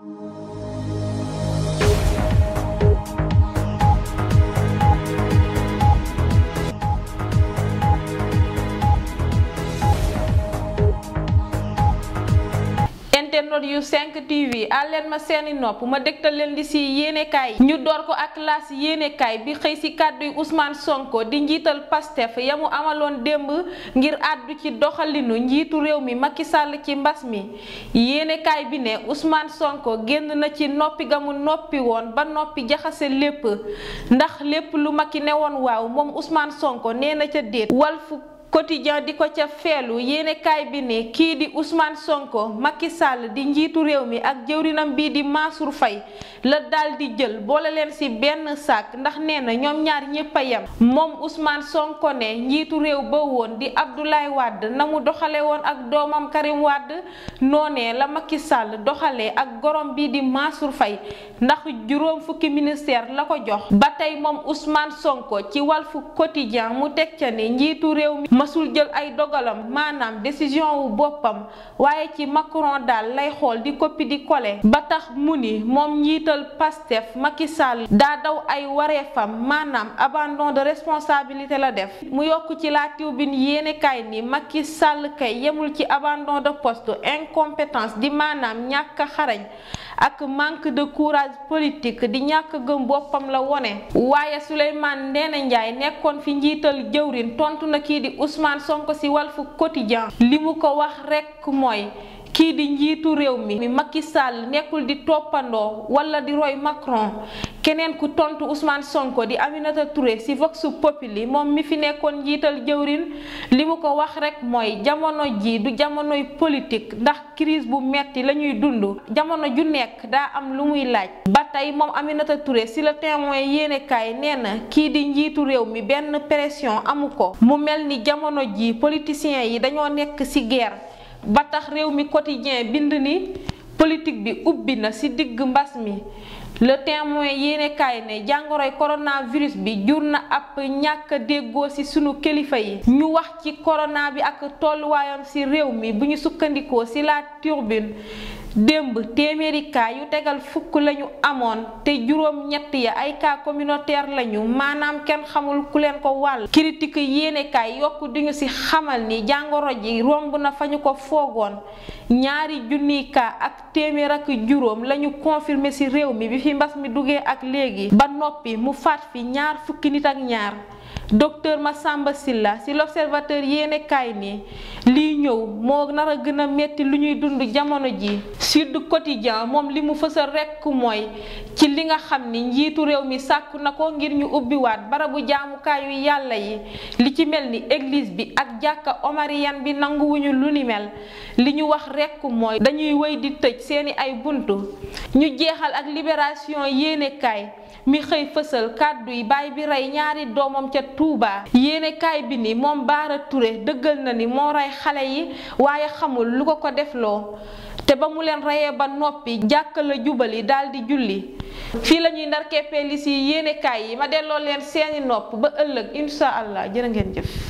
Thank you. internet yu 5 TV ma seeni nopp ma dégtal leen li yéenekaay yi ñu door ko ak laas yéenekaay bi xëy si kàddu yi Sonko di njiital Pastef ya mu amaloon démb ngir àddu ci doxalinu njiitu réew mi Macky sàll ci mbas mi yéenekaay bi ne usmaan Sonko génn na ci noppi ga mu noppi woon ba noppi jaxase lépp ndax lépp lu Macky ne woon waaw moom Ousmane Sonko nee na ca déet Walf quotidien di ko ca feelu yéenekaay bi ne kii di Ousmane Sonko makki sàll di njiitu réew mi ak jëwrinam bii di Mansour Faye la daldi jël boole leen ci benn saak ndax nee na ñoom ñaar ñépp a yem moom usmaan Sonko ne njiitu réew ba woon di Abdoulaye Wade na mu doxale woon ak doomam Karim Wade noonee la makki sàll doxalee ak gorom bi di Mansour Faye ndax juróom fukki ministère la ko jox ba tey moom usmaan Sonko ci Walf Quotidien mu teg ca ne njiitu réew mi masul jël ay dogalam maanaam décision wu boppam waaye ci Macron daal lay xool di coppi di kole ba tax mu ni moom njiital Pastef Macky Sall daa daw ay wareefam maanaam abandon de responsabilité la def mu yokk ci la Tribune yéenekaay ni Macky Sall kay yemul ci abandon de poste incompétence di maanaam ñàkk a xarañ ak manque de courage politique di ñàkk gëm boppam la wone waaye Souleymane Ndéné Ndiaye nekkoon fi njiital jëwrin tontu na kii di Ousmane Sonko ci Walf Quotidien li mu ko wax rekk mooy kii di njiitu réew mi Macky Sall nekkul di toppandoo wala di roy Macron keneen ku tontu Ousmane Sonko di Aminata Touré ci Vox Populi moom mi fi nekkoon njiital jëwrin li mu ko wax rekk mooy jamono ji du jamonoy politique ndax crise bu metti la ñuy dund jamono ju nekk daa am lu muy laaj ba tey moom Aminata Touré ci la Témoin yéenekaay nee na kii di njiitu réew mi benn pression amu ko mu mel ni jamono ji politiciens yi dañoo nekk ci guerre ba tax réew mi quotidien bind ni politik bi ubbi na ci digg mbas mi le témoin yéenekaay ne jàngoroy coronavirus bi jur na ab ñàkk a déggoo ci sunu kilifa yi ñu wax ci corona bi ak tolluwaayam ci réew mi bu ñu sukkandikoo ci la turbine démb téeméeri cas yu tegal fukk lañu amoon te juróom ñett ya ay kaa communautaire lañu maanaam kenn xamul ku leen ko wàll critique yéene kaay yokk duñu ci xamal ni jàngoro ji romb na fa ñu ko foogoon ñaari junniy cas ak téeméer ak juróom lañu confirmé ci réew mi bi fi mbas mi duggee ak léegi ba noppi mu faat fi ñaar fukki nit ak ñaar ma sàmba Sylla ci l'observateur yéenekaay kaay ni lii ñëw moo nar a gën a metti lu ñuy dund jamono ji Sud Quotidien moom li mu fësal rekk mooy ci li nga xam ni njiitu réew mi sàkku na ko ngir ñu ubbiwaat barabu jaamukaayu yàlla yi li ci mel ni église bi ak jàkka omariyan bi nanguwuñu lu ni mel li ñu wax rekk mooy dañuy wéy di tëj seeni ay buntu ñu jeexal ak libération yéenekaay mi xëy fësal kàddu yi baay bi rey ñaari doomam ca tuubaa yéenekaay bi ni moom Baara Touré dëggal na ni moo rey xale yi waaye xamul lu ko ko defloo te ba mu leen reyee ba noppi jàkka la jubali daldi julli fii la ñuy ndar keppee li si yéenekaay yi ma delloo leen seeni nopp ba ëllëg insha allah jërë ngeen jëf